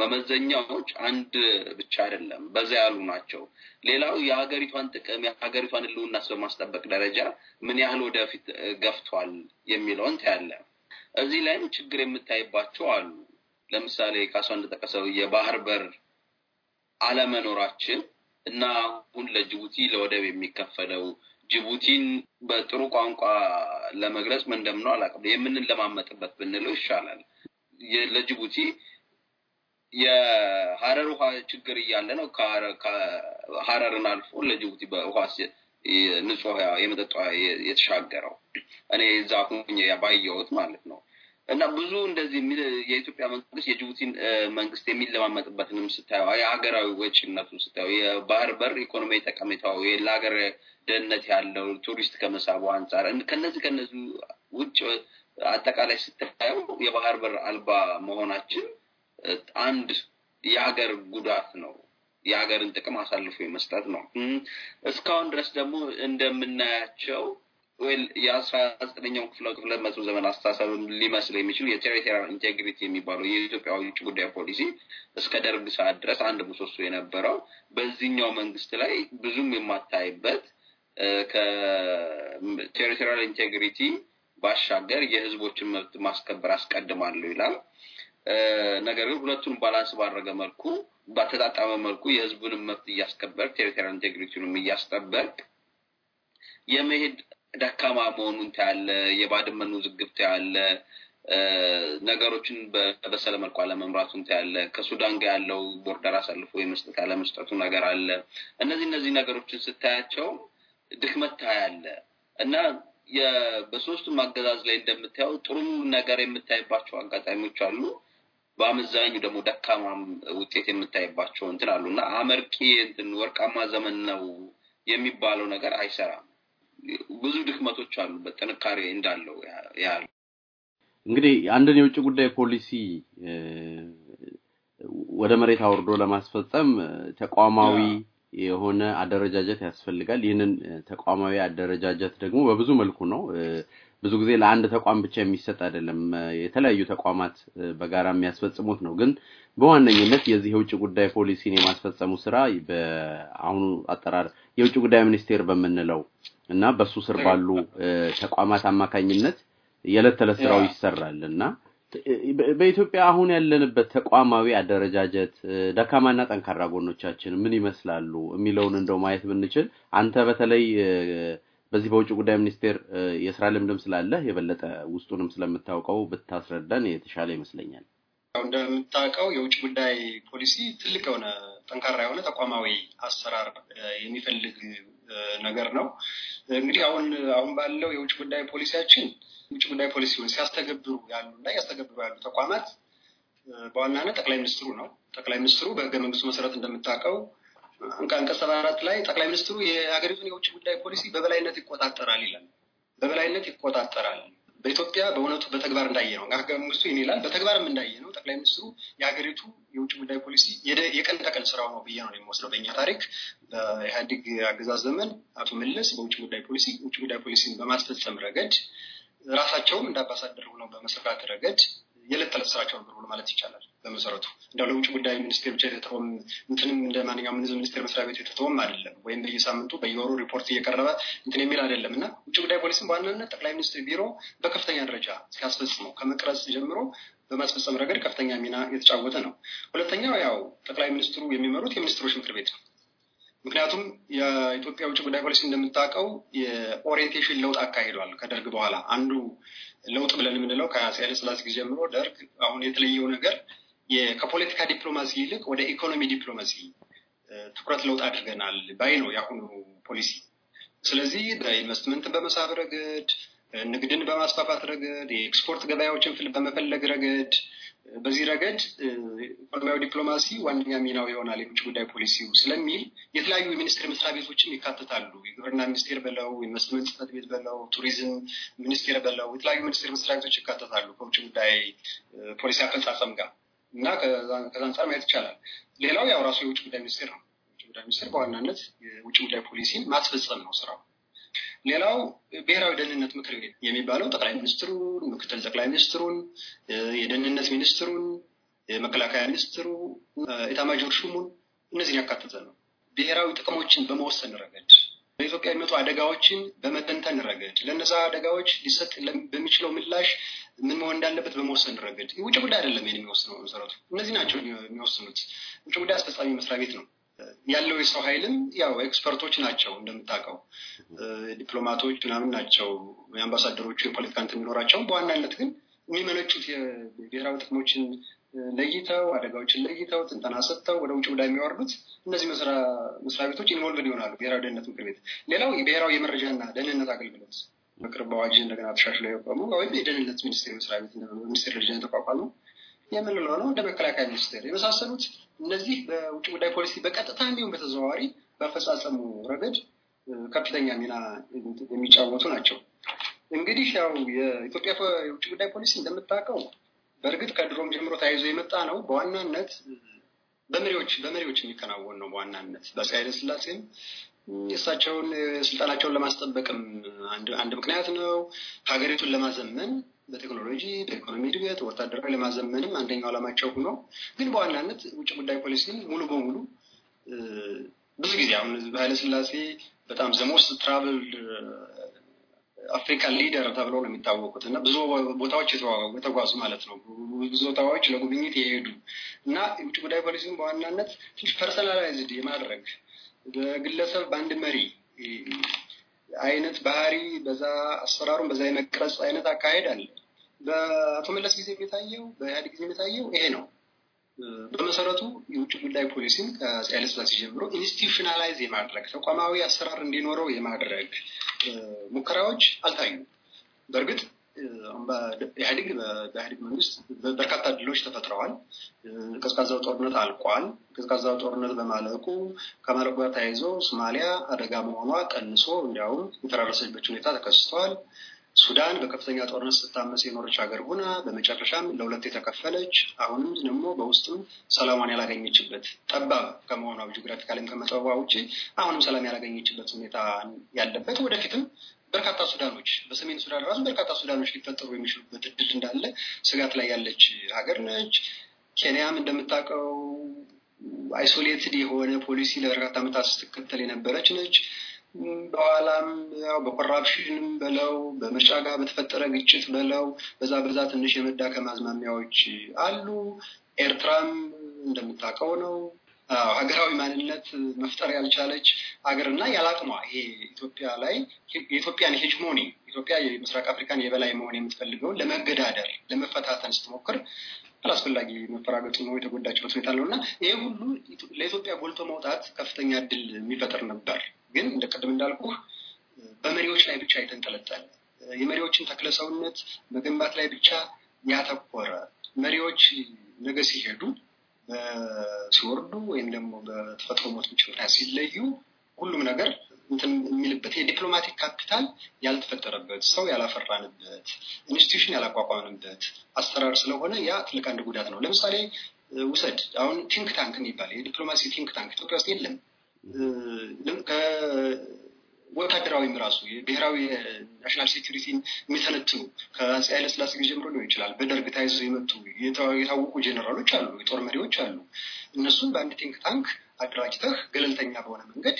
መመዘኛዎች አንድ ብቻ አይደለም፣ በዛ ያሉ ናቸው። ሌላው የሀገሪቷን ጥቅም የሀገሪቷን ሕልውናስ በማስጠበቅ ደረጃ ምን ያህል ወደፊት ገፍቷል የሚለውን ታያለ። እዚህ ላይም ችግር የምታይባቸው አሉ። ለምሳሌ ካሷ እንደጠቀሰው የባህር በር አለመኖራችን እና አሁን ለጅቡቲ ለወደብ የሚከፈለው ጅቡቲን በጥሩ ቋንቋ ለመግለጽ ምን እንደምነው አላውቅም፣ ለማመጥበት ብንለው ይሻላል። ለጅቡቲ የሀረር ውሃ ችግር እያለ ነው ከሀረርን አልፎ ለጅቡቲ በውሃ ንጹህ የመጠጥ የተሻገረው እኔ እዛ ሁኜ ባየሁት ማለት ነው። እና ብዙ እንደዚህ የኢትዮጵያ መንግስት የጅቡቲን መንግስት የሚለማመጥበትንም ስታየ የሀገራዊ ወጪነቱን ስታየ የባህር በር ኢኮኖሚ ጠቀሜታው ለሀገር ደህንነት ያለው ቱሪስት ከመሳቡ አንጻር ከነዚህ ከነዚህ ውጭ አጠቃላይ ስታየው የባህር በር አልባ መሆናችን አንድ የሀገር ጉዳት ነው። የሀገርን ጥቅም አሳልፎ የመስጠት ነው። እስካሁን ድረስ ደግሞ እንደምናያቸው ወይ የአስራ ዘጠነኛው ክፍለ መቶ ዘመን አስተሳሰብ ሊመስል የሚችል የቴሪቶሪያል ኢንቴግሪቲ የሚባለው የኢትዮጵያ ውጭ ጉዳይ ፖሊሲ እስከ ደርግ ሰዓት ድረስ አንድ ምሰሶ የነበረው በዚህኛው መንግስት ላይ ብዙም የማታይበት ከቴሪቶሪያል ኢንቴግሪቲ ባሻገር የህዝቦችን መብት ማስከበር አስቀድማለሁ ይላል። ነገር ግን ሁለቱን ባላንስ ባደረገ መልኩ በተጣጣመ መልኩ የህዝቡንም መብት እያስከበር ቴሪቶሪያል ኢንቴግሪቲንም እያስጠበቅ የመሄድ ደካማ መሆኑን ታያለ። የባድመን ውዝግብ ታያለ። ነገሮችን በበሰለ መልኩ አለመምራቱን ታያለ። ከሱዳን ጋር ያለው ቦርደር አሳልፎ የመስጠት አለመስጠቱ ነገር አለ። እነዚህ እነዚህ ነገሮችን ስታያቸው ድክመት ታያለ እና በሶስቱም አገዛዝ ላይ እንደምታየው ጥሩ ነገር የምታይባቸው አጋጣሚዎች አሉ። በአመዛኙ ደግሞ ደካማ ውጤት የምታይባቸው እንትን አሉ እና አመርቂ እንትን ወርቃማ ዘመን ነው የሚባለው ነገር አይሰራም። ብዙ ድክመቶች አሉበት ጥንካሬ እንዳለው ያህል እንግዲህ አንድን የውጭ ጉዳይ ፖሊሲ ወደ መሬት አውርዶ ለማስፈጸም ተቋማዊ የሆነ አደረጃጀት ያስፈልጋል። ይህንን ተቋማዊ አደረጃጀት ደግሞ በብዙ መልኩ ነው ብዙ ጊዜ ለአንድ ተቋም ብቻ የሚሰጥ አይደለም። የተለያዩ ተቋማት በጋራ የሚያስፈጽሙት ነው። ግን በዋነኝነት የዚህ የውጭ ጉዳይ ፖሊሲን የማስፈጸሙ ስራ በአሁኑ አጠራር የውጭ ጉዳይ ሚኒስቴር በምንለው እና በሱ ስር ባሉ ተቋማት አማካኝነት የዕለት ተዕለት ስራው ይሰራል እና በኢትዮጵያ አሁን ያለንበት ተቋማዊ አደረጃጀት ደካማና ጠንካራ ጎኖቻችን ምን ይመስላሉ የሚለውን እንደው ማየት ብንችል አንተ በተለይ በዚህ በውጭ ጉዳይ ሚኒስቴር የስራ ልምድም ስላለ የበለጠ ውስጡንም ስለምታውቀው ብታስረዳን የተሻለ ይመስለኛል። እንደምታውቀው የውጭ ጉዳይ ፖሊሲ ትልቅ የሆነ ጠንካራ የሆነ ተቋማዊ አሰራር የሚፈልግ ነገር ነው። እንግዲህ አሁን አሁን ባለው የውጭ ጉዳይ ፖሊሲያችን ውጭ ጉዳይ ፖሊሲውን ሲያስተገብሩ እና ያስተገብሩ ያሉ ተቋማት በዋናነት ጠቅላይ ሚኒስትሩ ነው። ጠቅላይ ሚኒስትሩ በህገ መንግስቱ መሰረት እንደምታውቀው አንቀጽ ሰባ አራት ላይ ጠቅላይ ሚኒስትሩ የሀገሪቱን የውጭ ጉዳይ ፖሊሲ በበላይነት ይቆጣጠራል ይላል። በበላይነት ይቆጣጠራል። በኢትዮጵያ በእውነቱ በተግባር እንዳየ ነው ህገ መንግስቱ ይህን ይላል። በተግባርም እንዳየ ነው ጠቅላይ ሚኒስትሩ የሀገሪቱ የውጭ ጉዳይ ፖሊሲ የቀን ተቀን ስራው ነው ብዬ ነው የሚወስደው። በእኛ ታሪክ በኢህአዲግ አገዛዝ ዘመን አቶ መለስ በውጭ ጉዳይ ፖሊሲ ውጭ ጉዳይ ፖሊሲን በማስፈጸም ረገድ ራሳቸውም እንደ አምባሳደር ሆነው በመስራት ረገድ የዕለት ተዕለት ስራቸው ነበር ማለት ይቻላል። በመሰረቱ እንዲያው ለውጭ ጉዳይ ሚኒስቴር ብቻ የተተወም እንትንም እንደ ማንኛውም ሚኒስቴር መስሪያ ቤት የተተወም አይደለም፣ ወይም በየሳምንቱ በየወሩ ሪፖርት እየቀረበ እንትን የሚል አይደለም እና ውጭ ጉዳይ ፖሊሲም በዋናነት ጠቅላይ ሚኒስትር ቢሮ በከፍተኛ ደረጃ ሲያስፈጽመው ከመቅረጽ ጀምሮ በማስፈጸም ረገድ ከፍተኛ ሚና የተጫወተ ነው። ሁለተኛው ያው ጠቅላይ ሚኒስትሩ የሚመሩት የሚኒስትሮች ምክር ቤት ነው። ምክንያቱም የኢትዮጵያ ውጭ ጉዳይ ፖሊሲ እንደምታውቀው የኦሪየንቴሽን ለውጥ አካሂዷል። ከደርግ በኋላ አንዱ ለውጥ ብለን የምንለው ከአፄ ስላሴ ጊዜ ጀምሮ ደርግ አሁን የተለየው ነገር ከፖለቲካ ዲፕሎማሲ ይልቅ ወደ ኢኮኖሚ ዲፕሎማሲ ትኩረት ለውጥ አድርገናል ባይ ነው የአሁኑ ፖሊሲ። ስለዚህ ኢንቨስትመንትን በመሳብ ረገድ፣ ንግድን በማስፋፋት ረገድ፣ የኤክስፖርት ገበያዎችን ፍል በመፈለግ ረገድ በዚህ ረገድ ኢኮኖሚያዊ ዲፕሎማሲ ዋነኛ ሚናው ይሆናል የውጭ ጉዳይ ፖሊሲው ስለሚል የተለያዩ የሚኒስቴር መስሪያ ቤቶችም ይካተታሉ። የግብርና ሚኒስቴር በለው፣ ኢንቨስትመንት ጽፈት ቤት በለው፣ ቱሪዝም ሚኒስቴር በለው፣ የተለያዩ ሚኒስቴር መስሪያ ቤቶች ይካተታሉ ከውጭ ጉዳይ ፖሊሲ አፈጻጸም ጋር እና ከዛ አንጻር ማየት ይቻላል። ሌላው ያው ራሱ የውጭ ጉዳይ ሚኒስቴር ነው። የውጭ ጉዳይ ሚኒስቴር በዋናነት የውጭ ጉዳይ ፖሊሲን ማስፈጸም ነው ስራው። ሌላው ብሔራዊ ደህንነት ምክር ቤት የሚባለው ጠቅላይ ሚኒስትሩን፣ ምክትል ጠቅላይ ሚኒስትሩን፣ የደህንነት ሚኒስትሩን፣ የመከላከያ ሚኒስትሩ፣ ኤታማዦር ሹሙን እነዚህን ያካተተ ነው። ብሔራዊ ጥቅሞችን በመወሰን ረገድ፣ በኢትዮጵያ የሚመጡ አደጋዎችን በመተንተን ረገድ፣ ለነዛ አደጋዎች ሊሰጥ በሚችለው ምላሽ ምን መሆን እንዳለበት በመወሰን ረገድ ውጭ ጉዳይ አይደለም የሚወስነው መሰረቱ። እነዚህ ናቸው የሚወስኑት። ውጭ ጉዳይ አስፈጻሚ መስሪያ ቤት ነው። ያለው የሰው ኃይልም ያው ኤክስፐርቶች ናቸው እንደምታውቀው፣ ዲፕሎማቶች ምናምን ናቸው የአምባሳደሮቹ የፖለቲካ እንትን የሚኖራቸውም በዋናነት ግን የሚመነጩት የብሔራዊ ጥቅሞችን ለይተው አደጋዎችን ለይተው ትንተና ሰጥተው ወደ ውጭ ጉዳይ የሚወርዱት እነዚህ መስሪያ ቤቶች ኢንቮልቭድ ይሆናሉ። ብሔራዊ ደህንነት ምክር ቤት፣ ሌላው የብሔራዊ የመረጃና ደህንነት አገልግሎት ምክር አዋጅ እንደገና ተሻሽለው የቆሙ ወይም የደህንነት ሚኒስቴር መስሪያ ቤት ሚኒስቴር ደረጃ ተቋቋመ የምንለው ነው። እንደ መከላከያ ሚኒስቴር የመሳሰሉት እነዚህ በውጭ ጉዳይ ፖሊሲ በቀጥታ እንዲሁም በተዘዋዋሪ በአፈጻጸሙ ረገድ ከፍተኛ ሚና የሚጫወቱ ናቸው። እንግዲህ ያው የኢትዮጵያ የውጭ ጉዳይ ፖሊሲ እንደምታውቀው በእርግጥ ከድሮም ጀምሮ ተያይዞ የመጣ ነው። በዋናነት በመሪዎች በመሪዎች የሚከናወን ነው። በዋናነት በኃይለ ሥላሴም እሳቸውን ስልጣናቸውን ለማስጠበቅም አንድ ምክንያት ነው። ሀገሪቱን ለማዘመን በቴክኖሎጂ በኢኮኖሚ እድገት፣ ወታደራዊ ለማዘመንም አንደኛው ዓላማቸው ሆኖ ግን በዋናነት ውጭ ጉዳይ ፖሊሲን ሙሉ በሙሉ ብዙ ጊዜ አሁን ስላሴ በጣም ዘሞስ ትራቭል አፍሪካን ሊደር ተብለው ነው የሚታወቁት እና ብዙ ቦታዎች የተጓዙ ማለት ነው። ብዙ ቦታዎች ለጉብኝት የሄዱ እና ውጭ ጉዳይ ፖሊሲን በዋናነት ፐርሰናላይዝድ የማድረግ በግለሰብ በአንድ መሪ አይነት ባህሪ በዛ አሰራሩን በዛ የመቅረጽ አይነት አካሄድ አለ። በአቶ መለስ ጊዜ የሚታየው በኢህአዴግ ጊዜ የሚታየው ይሄ ነው። በመሰረቱ የውጭ ጉዳይ ፖሊሲን ከአፄ ኃይለሥላሴ ጀምሮ ኢንስቲቱሽናላይዝ የማድረግ ተቋማዊ አሰራር እንዲኖረው የማድረግ ሙከራዎች አልታዩም። በእርግጥ ኢህአዴግ በኢህአዴግ መንግስት በርካታ ድሎች ተፈጥረዋል። ቀዝቃዛው ጦርነት አልቋል። ቀዝቃዛው ጦርነት በማለቁ ከማለቁ ጋር ተያይዞ ሶማሊያ አደጋ መሆኗ ቀንሶ እንዲያውም የተራረሰችበት ሁኔታ ተከስቷል። ሱዳን በከፍተኛ ጦርነት ስታመስ የኖረች ሀገር ሆና በመጨረሻም ለሁለት የተከፈለች አሁንም ደግሞ በውስጥም ሰላሟን ያላገኘችበት ጠባብ ከመሆኗ ጂኦግራፊካልም ከመጠባ ውጭ አሁንም ሰላም ያላገኘችበት ሁኔታ ያለበት ወደፊትም በርካታ ሱዳኖች በሰሜን ሱዳን ራሱ በርካታ ሱዳኖች ሊፈጠሩ የሚችሉበት እድል እንዳለ ስጋት ላይ ያለች ሀገር ነች። ኬንያም እንደምታውቀው አይሶሌትድ የሆነ ፖሊሲ ለበርካታ ዓመታት ስትከተል የነበረች ነች። በኋላም ያው በኮራፕሽንም በለው በምርጫ ጋር በተፈጠረ ግጭት በለው በዛ በዛ ትንሽ የመዳከም አዝማሚያዎች አሉ። ኤርትራም እንደምታውቀው ነው ሀገራዊ ማንነት መፍጠር ያልቻለች ሀገርና ያላቅሟ ይሄ ኢትዮጵያ ላይ የኢትዮጵያን ሄጅሞኒ ኢትዮጵያ የምስራቅ አፍሪካን የበላይ መሆን የምትፈልገውን ለመገዳደር ለመፈታተን ስትሞክር አላስፈላጊ መፈራገጡ ነው የተጎዳችበት ሁኔታ ነው እና ይሄ ሁሉ ለኢትዮጵያ ጎልቶ መውጣት ከፍተኛ እድል የሚፈጥር ነበር። ግን እንደ ቅድም እንዳልኩ በመሪዎች ላይ ብቻ የተንጠለጠለ የመሪዎችን ተክለሰውነት መገንባት ላይ ብቻ ያተኮረ መሪዎች ነገ ሲሄዱ ሲወርዱ ወይም ደግሞ በተፈጥሮ ሞቶች ምክንያት ሲለዩ ሁሉም ነገር እንትን የሚልበት የዲፕሎማቲክ ካፒታል ያልተፈጠረበት ሰው ያላፈራንበት ኢንስቲትዩሽን ያላቋቋምንበት አሰራር ስለሆነ ያ ትልቅ አንድ ጉዳት ነው። ለምሳሌ ውሰድ አሁን ቲንክ ታንክ የሚባል የዲፕሎማሲ ቲንክ ታንክ ኢትዮጵያ ውስጥ የለም። ወታደራዊም ራሱ ብሔራዊ ናሽናል ሴኪሪቲ የሚተነትኑ ከአፄ ኃይለስላሴ ጊዜ ጀምሮ ሊሆን ይችላል። በደርግ ተያይዘው የመጡ የታወቁ ጀኔራሎች አሉ፣ የጦር መሪዎች አሉ። እነሱም በአንድ ቲንክ ታንክ አደራጅተህ ገለልተኛ በሆነ መንገድ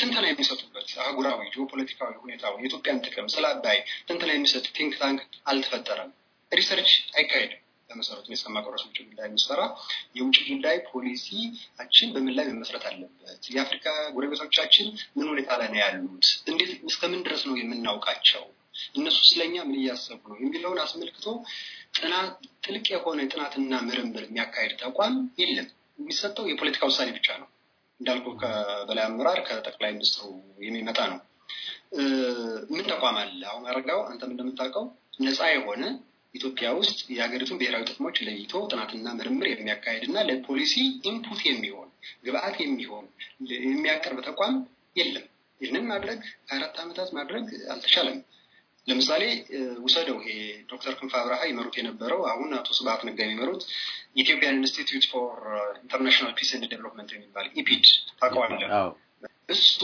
ትንተና የሚሰጡበት አህጉራዊ ጂኦፖለቲካዊ ሁኔታውን የኢትዮጵያን ጥቅም ስለ አባይ ትንተና የሚሰጥ ቲንክ ታንክ አልተፈጠረም። ሪሰርች አይካሄድም። በመሰረቱ የሰማ ውጭ ጉዳይ የሚሰራ የውጭ ጉዳይ ፖሊሲያችን በምን ላይ መመስረት አለበት? የአፍሪካ ጎረቤቶቻችን ምን ሁኔታ ላይ ነው ያሉት? እንዴት እስከምን ድረስ ነው የምናውቃቸው? እነሱ ስለኛ ምን እያሰቡ ነው የሚለውን አስመልክቶ ጥልቅ የሆነ ጥናትና ምርምር የሚያካሄድ ተቋም የለም። የሚሰጠው የፖለቲካ ውሳኔ ብቻ ነው። እንዳልኩ ከበላይ አመራር ከጠቅላይ ሚኒስትሩ የሚመጣ ነው። ምን ተቋም አለ? አሁን አረጋው አንተም እንደምታውቀው ነፃ የሆነ ኢትዮጵያ ውስጥ የሀገሪቱን ብሔራዊ ጥቅሞች ለይቶ ጥናትና ምርምር የሚያካሄድ እና ለፖሊሲ ኢንፑት የሚሆን ግብአት የሚሆን የሚያቀርብ ተቋም የለም። ይህንን ማድረግ ከአራት ዓመታት ማድረግ አልተቻለም። ለምሳሌ ውሰደው ይሄ ዶክተር ክንፈ አብርሃ ይመሩት የነበረው አሁን አቶ ስብሀት ነጋ የሚመሩት ኢትዮጵያን ኢንስቲትዩት ፎር ኢንተርናሽናል ፒስ ኤንድ ዴቨሎፕመንት የሚባል ኢፒድ ታውቀዋለህ? እሱ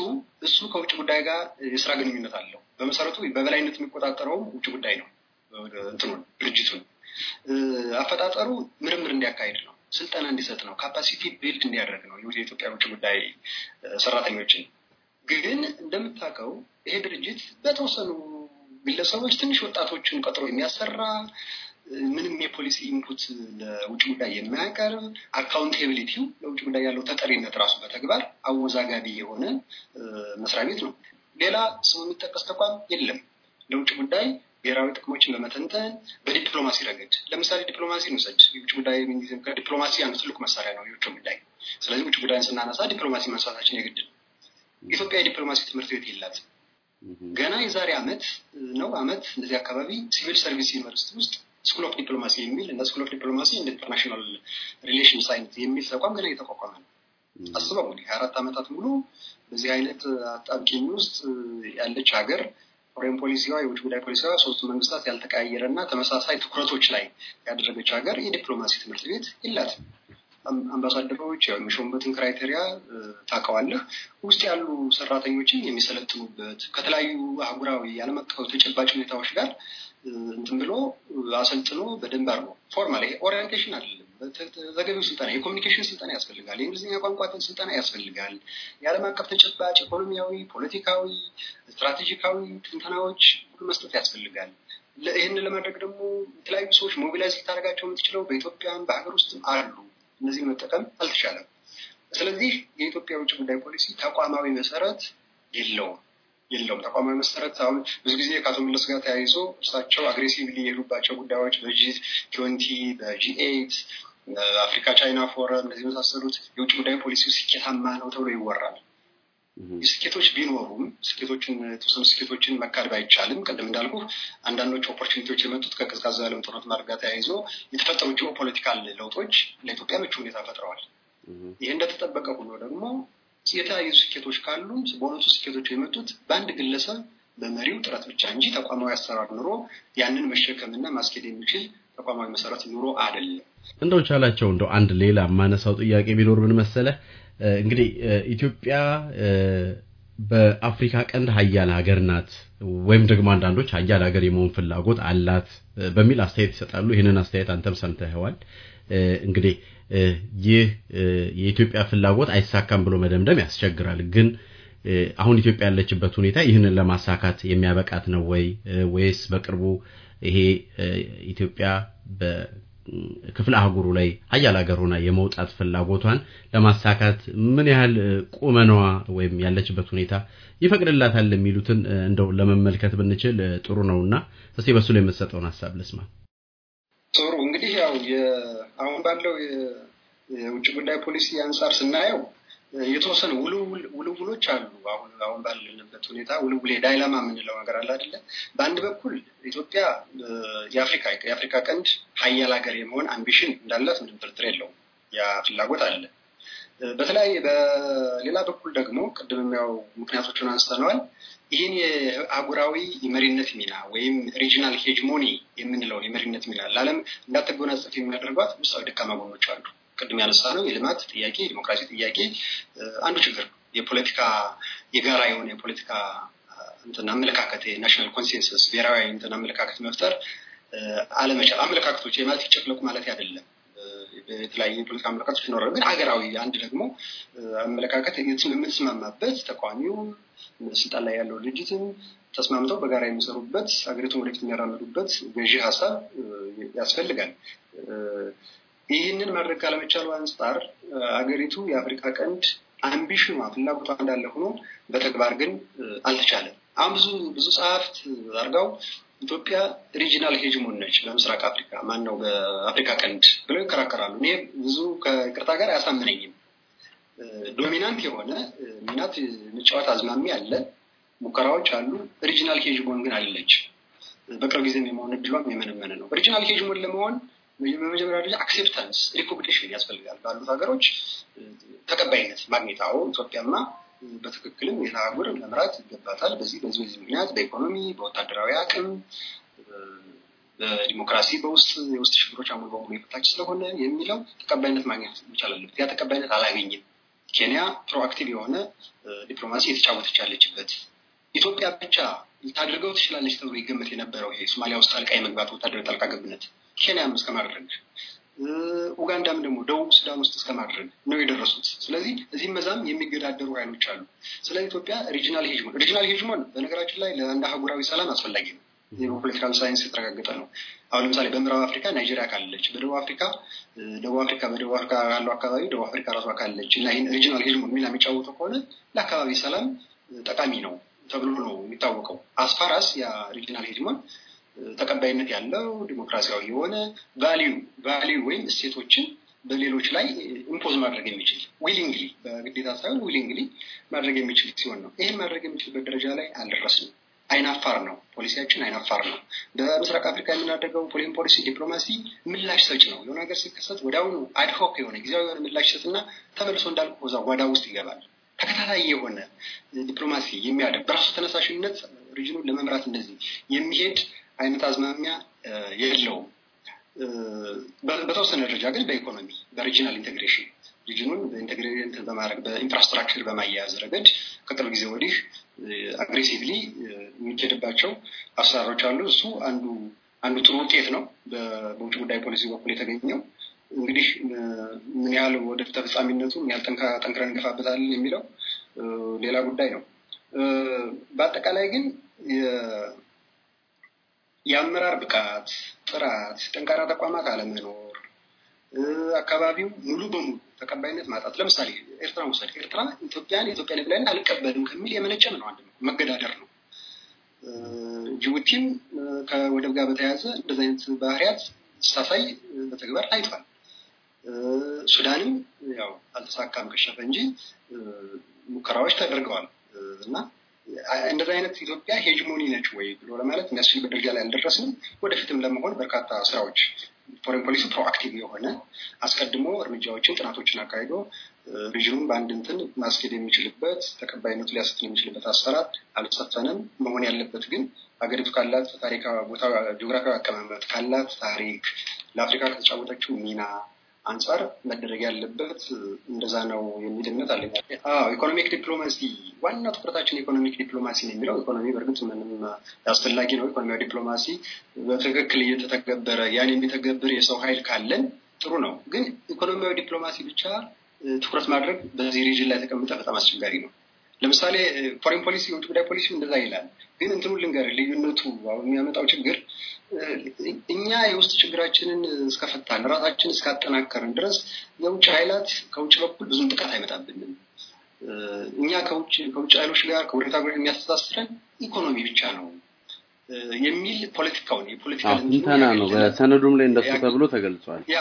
እሱ ከውጭ ጉዳይ ጋር የስራ ግንኙነት አለው። በመሰረቱ በበላይነት የሚቆጣጠረውም ውጭ ጉዳይ ነው። እንትኑ ድርጅቱን አፈጣጠሩ ምርምር እንዲያካሄድ ነው። ስልጠና እንዲሰጥ ነው። ካፓሲቲ ቢልድ እንዲያደርግ ነው የኢትዮጵያ ውጭ ጉዳይ ሰራተኞችን። ግን እንደምታውቀው ይሄ ድርጅት በተወሰኑ ግለሰቦች ትንሽ ወጣቶችን ቀጥሮ የሚያሰራ ምንም የፖሊሲ ኢንፑት ለውጭ ጉዳይ የማያቀርብ አካውንቴቢሊቲው ለውጭ ጉዳይ ያለው ተጠሪነት ራሱ በተግባር አወዛጋቢ የሆነ መስሪያ ቤት ነው። ሌላ ስሙ የሚጠቀስ ተቋም የለም ለውጭ ጉዳይ ብሔራዊ ጥቅሞችን በመተንተን በዲፕሎማሲ ረገድ ለምሳሌ ዲፕሎማሲ እንውሰድ። የውጭ ጉዳይ ዲፕሎማሲ አንዱ ትልቁ መሳሪያ ነው የውጭ ጉዳይ። ስለዚህ ውጭ ጉዳይን ስናነሳ ዲፕሎማሲ መንሳታችን የግድ ነው። ኢትዮጵያ የዲፕሎማሲ ትምህርት ቤት የላት። ገና የዛሬ አመት ነው አመት እንደዚህ አካባቢ ሲቪል ሰርቪስ ዩኒቨርሲቲ ውስጥ ስኩል ኦፍ ዲፕሎማሲ የሚል እና ስኩል ኦፍ ዲፕሎማሲ ኢንተርናሽናል ሪሌሽን ሳይንስ የሚል ተቋም ገና እየተቋቋመ ነው። አስበው እንግዲህ አራት ዓመታት ሙሉ በዚህ አይነት አጣብቂኝ ውስጥ ያለች ሀገር ፎሬን ፖሊሲዋ፣ የውጭ ጉዳይ ፖሊሲዋ ሶስቱ መንግስታት ያልተቀያየረ እና ተመሳሳይ ትኩረቶች ላይ ያደረገች ሀገር የዲፕሎማሲ ትምህርት ቤት ይላት አምባሳደሮች የሚሾሙበትን ክራይቴሪያ ታውቀዋለህ። ውስጥ ያሉ ሰራተኞችን የሚሰለጥኑበት ከተለያዩ አህጉራዊ ዓለም አቀፍ ተጨባጭ ሁኔታዎች ጋር እንትን ብሎ አሰልጥኖ በደንብ አርጎ ፎርማል ኦሪንቴሽን አይደለም ተገቢው ስልጠና የኮሚኒኬሽን ስልጠና ያስፈልጋል። የእንግሊዝኛ ቋንቋ ስልጠና ያስፈልጋል። የዓለም አቀፍ ተጨባጭ ኢኮኖሚያዊ፣ ፖለቲካዊ፣ ስትራቴጂካዊ ትንተናዎች ሁሉ መስጠት ያስፈልጋል። ይህንን ለማድረግ ደግሞ የተለያዩ ሰዎች ሞቢላይዝ ልታደርጋቸው የምትችለው በኢትዮጵያም በሀገር ውስጥም አሉ። እነዚህ መጠቀም አልተቻለም። ስለዚህ የኢትዮጵያ የውጭ ጉዳይ ፖሊሲ ተቋማዊ መሰረት የለውም የለውም ተቋማዊ መሰረት። አሁን ብዙ ጊዜ ከአቶ መለስ ጋር ተያይዞ እርሳቸው አግሬሲቭሊ የሄዱባቸው ጉዳዮች በጂ ትዌንቲ በጂ ኤይት አፍሪካ ቻይና ፎረም፣ እንደዚህ የመሳሰሉት የውጭ ጉዳይ ፖሊሲ ስኬታማ ነው ተብሎ ይወራል። ስኬቶች ቢኖሩም ስኬቶችን ተወሰኑ ስኬቶችን መካድ ባይቻልም ቅድም እንዳልኩ አንዳንዶች ኦፖርቹኒቲዎች የመጡት ከቀዝቃዛ ያለም ጦርነት ማድረግ ጋር ተያይዞ የተፈጠሩ ጂኦ ፖለቲካል ለውጦች ለኢትዮጵያ ምቹ ሁኔታ ፈጥረዋል። ይህ እንደተጠበቀ ሆኖ ደግሞ የተለያዩ ስኬቶች ካሉ በእውነቱ ስኬቶች የመጡት በአንድ ግለሰብ በመሪው ጥረት ብቻ እንጂ ተቋማዊ አሰራር ኑሮ ያንን መሸከምና ማስኬድ የሚችል ተቋማዊ መሰረት ኑሮ አይደለም። እንደው ቻላቸው እንደው አንድ ሌላ የማነሳው ጥያቄ ቢኖር ምን መሰለ እንግዲህ ኢትዮጵያ በአፍሪካ ቀንድ ሀያል ሀገር ናት ወይም ደግሞ አንዳንዶች ሀያል ሀገር የመሆን ፍላጎት አላት በሚል አስተያየት ይሰጣሉ። ይህንን አስተያየት አንተም ሰምተኸዋል። እንግዲህ ይህ የኢትዮጵያ ፍላጎት አይሳካም ብሎ መደምደም ያስቸግራል። ግን አሁን ኢትዮጵያ ያለችበት ሁኔታ ይህንን ለማሳካት የሚያበቃት ነው ወይ ወይስ በቅርቡ ይሄ ኢትዮጵያ ክፍለ አህጉሩ ላይ አያል ሀገር ሆና የመውጣት ፍላጎቷን ለማሳካት ምን ያህል ቁመናዋ ወይም ያለችበት ሁኔታ ይፈቅድላታል የሚሉትን እንደው ለመመልከት ብንችል ጥሩ ነው እና እስቲ በሱ ላይ የምትሰጠውን ሀሳብ ልስማ። ጥሩ እንግዲህ ያው አሁን ባለው የውጭ ጉዳይ ፖሊሲ አንጻር ስናየው የተወሰኑ ውልውሎች አሉ። አሁን አሁን ባለንበት ሁኔታ ውልውሌ ዳይላማ የምንለው ነገር አለ አይደለ? በአንድ በኩል ኢትዮጵያ የአፍሪካ የአፍሪካ ቀንድ ሀያል ሀገር የመሆን አምቢሽን እንዳላት ምንም ጥርጥር የለውም። ያ ፍላጎት አለ። በተለያየ በሌላ በኩል ደግሞ ቅድም የሚያው ምክንያቶቹን አንስተነዋል። ይህን የአጉራዊ የመሪነት ሚና ወይም ሪጂናል ሄጅሞኒ የምንለውን የመሪነት ሚና ለዓለም እንዳትጎናጸፍ የሚያደርጓት ውስጣዊ ደካማ ጎኖች አሉ። ቅድም ያነሳ ነው የልማት ጥያቄ የዲሞክራሲ ጥያቄ አንዱ ችግር ነው። የፖለቲካ የጋራ የሆነ የፖለቲካ እንትን አመለካከት የናሽናል ኮንሴንሰስ ብሔራዊ እንትን አመለካከት መፍጠር አለመቻል። አመለካከቶች የማለት ይጨፍለቁ ማለት አይደለም። የተለያዩ የፖለቲካ አመለካከቶች ይኖራሉ። ግን ሀገራዊ አንድ ደግሞ አመለካከት የምትስማማበት ተቋሚው ስልጣን ላይ ያለው ድርጅትም ተስማምተው በጋራ የሚሰሩበት ሀገሪቱን ወደፊት የሚያራምዱበት ገዢ ሀሳብ ያስፈልጋል። ይህንን ማድረግ ካለመቻሉ አንጻር አገሪቱ የአፍሪካ ቀንድ አምቢሽኗ ፍላጎቷ እንዳለ ሆኖ በተግባር ግን አልተቻለም። አሁን ብዙ ብዙ ጸሐፍት አርጋው ኢትዮጵያ ሪጂናል ሄጅሞን ነች በምስራቅ አፍሪካ ማን ነው በአፍሪካ ቀንድ ብለው ይከራከራሉ። እኔ ብዙ ከቅርታ ጋር አያሳምነኝም። ዶሚናንት የሆነ ሚናት መጫወት አዝማሚ አለ፣ ሙከራዎች አሉ። ሪጂናል ሄጅሞን ግን አለች። በቅርብ ጊዜ የመሆን እድሏም የመነመነ ነው። ሪጂናል ሄጅሞን ለመሆን በመጀመሪያ ደረጃ አክሴፕታንስ ሪኮግኒሽን ያስፈልጋል። ባሉት ሀገሮች ተቀባይነት ማግኘት። ኢትዮጵያ ኢትዮጵያማ በትክክልም ይህን አህጉር መምራት ይገባታል። በዚህ በዚህ በዚህ ምክንያት በኢኮኖሚ፣ በወታደራዊ አቅም፣ በዲሞክራሲ በውስጥ የውስጥ ችግሮች አሙ በሙሉ የፈታች ስለሆነ የሚለው ተቀባይነት ማግኘት መቻል አለበት። ያ ተቀባይነት አላገኝም። ኬንያ ፕሮአክቲቭ የሆነ ዲፕሎማሲ የተጫወተች ያለችበት ኢትዮጵያ ብቻ ልታደርገው ትችላለች ተብሎ ይገመት የነበረው ይሄ ሶማሊያ ውስጥ ጣልቃ የመግባት ወታደር ጣልቃ ገብነት ኬንያም እስከ ማድረግ ኡጋንዳም ደግሞ ደቡብ ሱዳን ውስጥ እስከ ማድረግ ነው የደረሱት። ስለዚህ እዚህም በዛም የሚገዳደሩ ኃይሎች አሉ። ስለ ኢትዮጵያ ሪጂናል ሄጅሞን ሪጂናል ሄጅሞን በነገራችን ላይ ለአንድ አህጉራዊ ሰላም አስፈላጊ ነው። የፖለቲካል ሳይንስ የተረጋገጠ ነው። አሁን ለምሳሌ በምዕራብ አፍሪካ ናይጄሪያ ካለች፣ በደቡብ አፍሪካ ደቡብ አፍሪካ በደቡብ አፍሪካ ያለው አካባቢ ደቡብ አፍሪካ ራሷ ካለች እና ይህን ሪጂናል ሄጅሞን ሚና የሚጫወተው ከሆነ ለአካባቢ ሰላም ጠቃሚ ነው ተብሎ ነው የሚታወቀው። አስፋራስ ያ ሪጂናል ሄጅሞን ተቀባይነት ያለው ዲሞክራሲያዊ የሆነ ቫሊዩ ቫሊዩ ወይም እሴቶችን በሌሎች ላይ ኢምፖዝ ማድረግ የሚችል ዊሊንግሊ በግዴታ ሳይሆን ዊሊንግሊ ማድረግ የሚችል ሲሆን ነው። ይህን ማድረግ የሚችልበት ደረጃ ላይ አልደረስም። አይናፋር ነው ፖሊሲያችን፣ አይናፋር ነው። በምስራቅ አፍሪካ የምናደርገው ፎሬን ፖሊሲ ዲፕሎማሲ ምላሽ ሰጭ ነው። የሆነ ሀገር ሲከሰት ወዲያውኑ አድሆክ የሆነ ጊዜያዊ የሆነ ምላሽ ሰጥና ተመልሶ እንዳልኩ በዛ ጓዳ ውስጥ ይገባል። ተከታታይ የሆነ ዲፕሎማሲ የሚያደርግ በራሱ ተነሳሽነት ሪጅኑን ለመምራት እንደዚህ የሚሄድ አይነት አዝማሚያ የለውም። በተወሰነ ደረጃ ግን በኢኮኖሚ በሪጂናል ኢንቴግሬሽን ሪጅኑን በኢንቴግሬት በማድረግ በኢንፍራስትራክቸር በማያያዝ ረገድ ከቅርብ ጊዜ ወዲህ አግሬሲቭሊ የሚኬድባቸው አሰራሮች አሉ። እሱ አንዱ አንዱ ጥሩ ውጤት ነው በውጭ ጉዳይ ፖሊሲ በኩል የተገኘው። እንግዲህ ምን ያህል ወደ ተፈጻሚነቱ ምን ያህል ጠንክረን እንገፋበታለን የሚለው ሌላ ጉዳይ ነው። በአጠቃላይ ግን የአመራር ብቃት፣ ጥራት፣ ጠንካራ ተቋማት አለመኖር፣ አካባቢው ሙሉ በሙሉ ተቀባይነት ማጣት። ለምሳሌ ኤርትራ መውሰድ፣ ኤርትራ ኢትዮጵያን የኢትዮጵያ ንግላይን አልቀበልም ከሚል የመነጨ ነው። አንድ ነው መገዳደር ነው። ጅቡቲም ከወደብ ጋር በተያያዘ እንደዚህ አይነት ባህሪያት ስታሳይ በተግባር ታይቷል። ሱዳንም ያው አልተሳካም ከሸፈ እንጂ ሙከራዎች ተደርገዋል እና እንደዚህ አይነት ኢትዮጵያ ሄጅሞኒ ነች ወይ ብሎ ለማለት የሚያስችል ደረጃ ላይ አልደረስንም። ወደፊትም ለመሆን በርካታ ስራዎች ፎሬን ፖሊሲ ፕሮአክቲቭ የሆነ አስቀድሞ እርምጃዎችን ጥናቶችን አካሂዶ ሪዥኑን በአንድ እንትን ማስኬድ የሚችልበት ተቀባይነቱ ሊያሰፍን የሚችልበት አሰራር አልሰፈንም። መሆን ያለበት ግን ሀገሪቱ ካላት ታሪካ ቦታ ጂኦግራፊያዊ አቀማመጥ ካላት ታሪክ ለአፍሪካ ከተጫወተችው ሚና አንጻር መደረግ ያለበት እንደዛ ነው የሚል እምነት ኢኮኖሚክ ዲፕሎማሲ ዋና ትኩረታችን ኢኮኖሚክ ዲፕሎማሲ ነው የሚለው ኢኮኖሚ በእርግጥ ምንም አስፈላጊ ነው። ኢኮኖሚያዊ ዲፕሎማሲ በትክክል እየተተገበረ ያን የሚተገብር የሰው ኃይል ካለን ጥሩ ነው። ግን ኢኮኖሚያዊ ዲፕሎማሲ ብቻ ትኩረት ማድረግ በዚህ ሪጅን ላይ ተቀምጠ በጣም አስቸጋሪ ነው። ለምሳሌ ፎሬን ፖሊሲ የውጭ ጉዳይ ፖሊሲ እንደዛ ይላል። ግን እንትኑ ልንገር ልዩነቱ አሁን የሚያመጣው ችግር እኛ የውስጥ ችግራችንን እስከፈታን ራሳችን እስካጠናከርን ድረስ የውጭ ሀይላት ከውጭ በኩል ብዙም ጥቃት አይመጣብንም። እኛ ከውጭ ሀይሎች ጋር ከጎረቤት ሀገሮች የሚያስተሳስረን ኢኮኖሚ ብቻ ነው የሚል ፖለቲካውን የፖለቲካ ነው። በሰነዱም ላይ እንደሱ ተብሎ ተገልጿል። ያ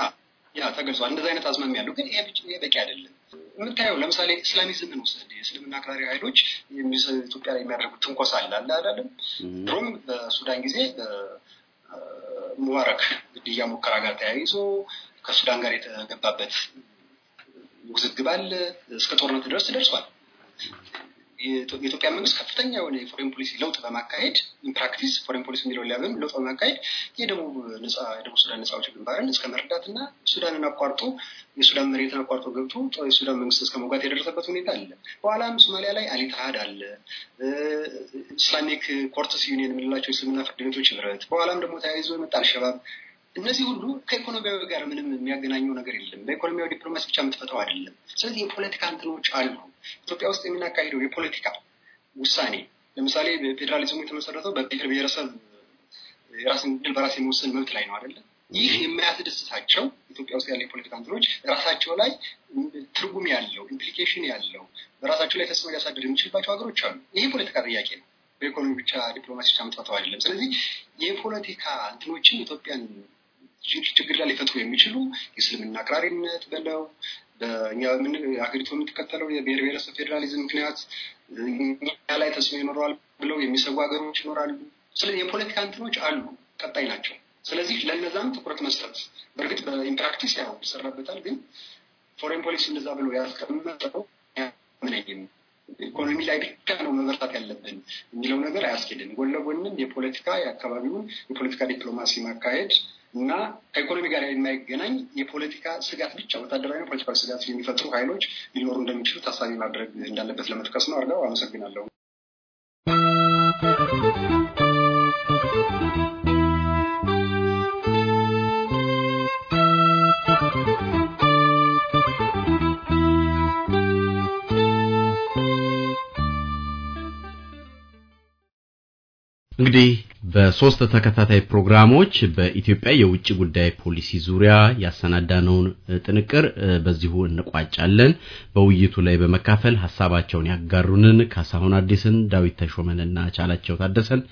ያ ተገልጿል። እንደዚህ አይነት አዝማሚ ያለው ግን ይሄ ብቻ በቂ አይደለም። የምታየው ለምሳሌ እስላሚዝምን ውሰድ። የእስልምና አክራሪ ኃይሎች ኢትዮጵያ ላይ የሚያደርጉት ትንኮሳ አለ አለ አይደለም። ድሮም በሱዳን ጊዜ ሙባረክ ግድያ ሙከራ ጋር ተያይዞ ከሱዳን ጋር የተገባበት ውዝግብ አለ። እስከ ጦርነት ድረስ ደርሷል። የኢትዮጵያ መንግስት ከፍተኛ የሆነ የፎሬን ፖሊሲ ለውጥ በማካሄድ ፕራክቲስ ፎሬን ፖሊሲ የሚለው ሊያበም ለውጥ በማካሄድ የደቡብ ሱዳን ነፃ አውጪ ግንባርን እስከ እና ሱዳንን አቋርጦ የሱዳን መሬትን አቋርጦ ገብቶ የሱዳን መንግስት እስከ መውጋት የደረሰበት ሁኔታ አለ። በኋላም ሶማሊያ ላይ አሊታሃድ አለ፣ ኢስላሚክ ኮርትስ ዩኒየን የምንላቸው የእስልምና ፍርድ ቤቶች ህብረት፣ በኋላም ደግሞ ተያይዞ የመጣ አልሸባብ እነዚህ ሁሉ ከኢኮኖሚያዊ ጋር ምንም የሚያገናኘው ነገር የለም። በኢኮኖሚያዊ ዲፕሎማሲ ብቻ የምትፈጠው አይደለም። ስለዚህ የፖለቲካ እንትኖች አሉ። ኢትዮጵያ ውስጥ የምናካሄደው የፖለቲካ ውሳኔ ለምሳሌ ፌዴራሊዝሙ የተመሰረተው በብሔር ብሔረሰብ የራስን ዕድል በራስ የመወሰን መብት ላይ ነው አይደለ? ይህ የማያስደስታቸው ኢትዮጵያ ውስጥ ያለ የፖለቲካ እንትኖች ራሳቸው ላይ ትርጉም ያለው ኢምፕሊኬሽን ያለው በራሳቸው ላይ ተጽዕኖ ሊያሳድር የሚችልባቸው ሀገሮች አሉ። ይህ የፖለቲካ ጥያቄ ነው። በኢኮኖሚ ብቻ ዲፕሎማሲ ብቻ መጥፋተው አይደለም። ስለዚህ የፖለቲካ እንትኖችን ኢትዮጵያን ችግር ላይ ሊፈጥሩ የሚችሉ የእስልምና አክራሪነት በለው እኛ ሀገሪቱ የምትከተለው የብሔር ብሔረሰብ ፌዴራሊዝም ምክንያት እኛ ላይ ተጽዕኖ ይኖረዋል ብለው የሚሰጉ ሀገሮች ይኖራሉ። ስለዚህ የፖለቲካ እንትኖች አሉ፣ ቀጣይ ናቸው። ስለዚህ ለነዛም ትኩረት መስጠት በእርግጥ በኢንፕራክቲስ ያው ይሰራበታል፣ ግን ፎሬን ፖሊሲ እንደዛ ብሎ ያስቀመጠው ምንም ኢኮኖሚ ላይ ብቻ ነው መበርታት ያለብን የሚለው ነገር አያስኬድም። ጎን ለጎንም የፖለቲካ የአካባቢውን የፖለቲካ ዲፕሎማሲ ማካሄድ እና ከኢኮኖሚ ጋር የማይገናኝ የፖለቲካ ስጋት ብቻ ወታደራዊ ፖለቲካ ስጋት የሚፈጥሩ ኃይሎች ሊኖሩ እንደሚችሉ ታሳቢ ማድረግ እንዳለበት ለመጥቀስ ነው። አድርገው አመሰግናለሁ። እንግዲህ በሶስት ተከታታይ ፕሮግራሞች በኢትዮጵያ የውጭ ጉዳይ ፖሊሲ ዙሪያ ያሰናዳነውን ጥንቅር በዚሁ እንቋጫለን። በውይይቱ ላይ በመካፈል ሀሳባቸውን ያጋሩንን ካሳሁን አዲስን፣ ዳዊት ተሾመንና ቻላቸው ታደሰን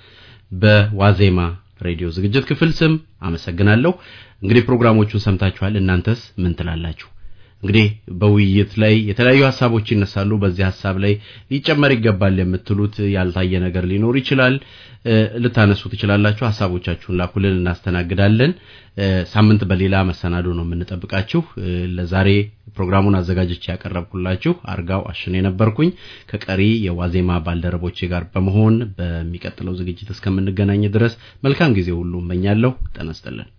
በዋዜማ ሬዲዮ ዝግጅት ክፍል ስም አመሰግናለሁ። እንግዲህ ፕሮግራሞቹን ሰምታችኋል። እናንተስ ምን ትላላችሁ? እንግዲህ በውይይት ላይ የተለያዩ ሀሳቦች ይነሳሉ። በዚህ ሀሳብ ላይ ሊጨመር ይገባል የምትሉት ያልታየ ነገር ሊኖር ይችላል፣ ልታነሱ ትችላላችሁ። ሀሳቦቻችሁን ላኩልን፣ እናስተናግዳለን። ሳምንት በሌላ መሰናዶ ነው የምንጠብቃችሁ። ለዛሬ ፕሮግራሙን አዘጋጅቼ ያቀረብኩላችሁ አርጋው አሽኔ የነበርኩኝ ከቀሪ የዋዜማ ባልደረቦቼ ጋር በመሆን በሚቀጥለው ዝግጅት እስከምንገናኝ ድረስ መልካም ጊዜ ሁሉ እመኛለሁ። ጤና ይስጥልን።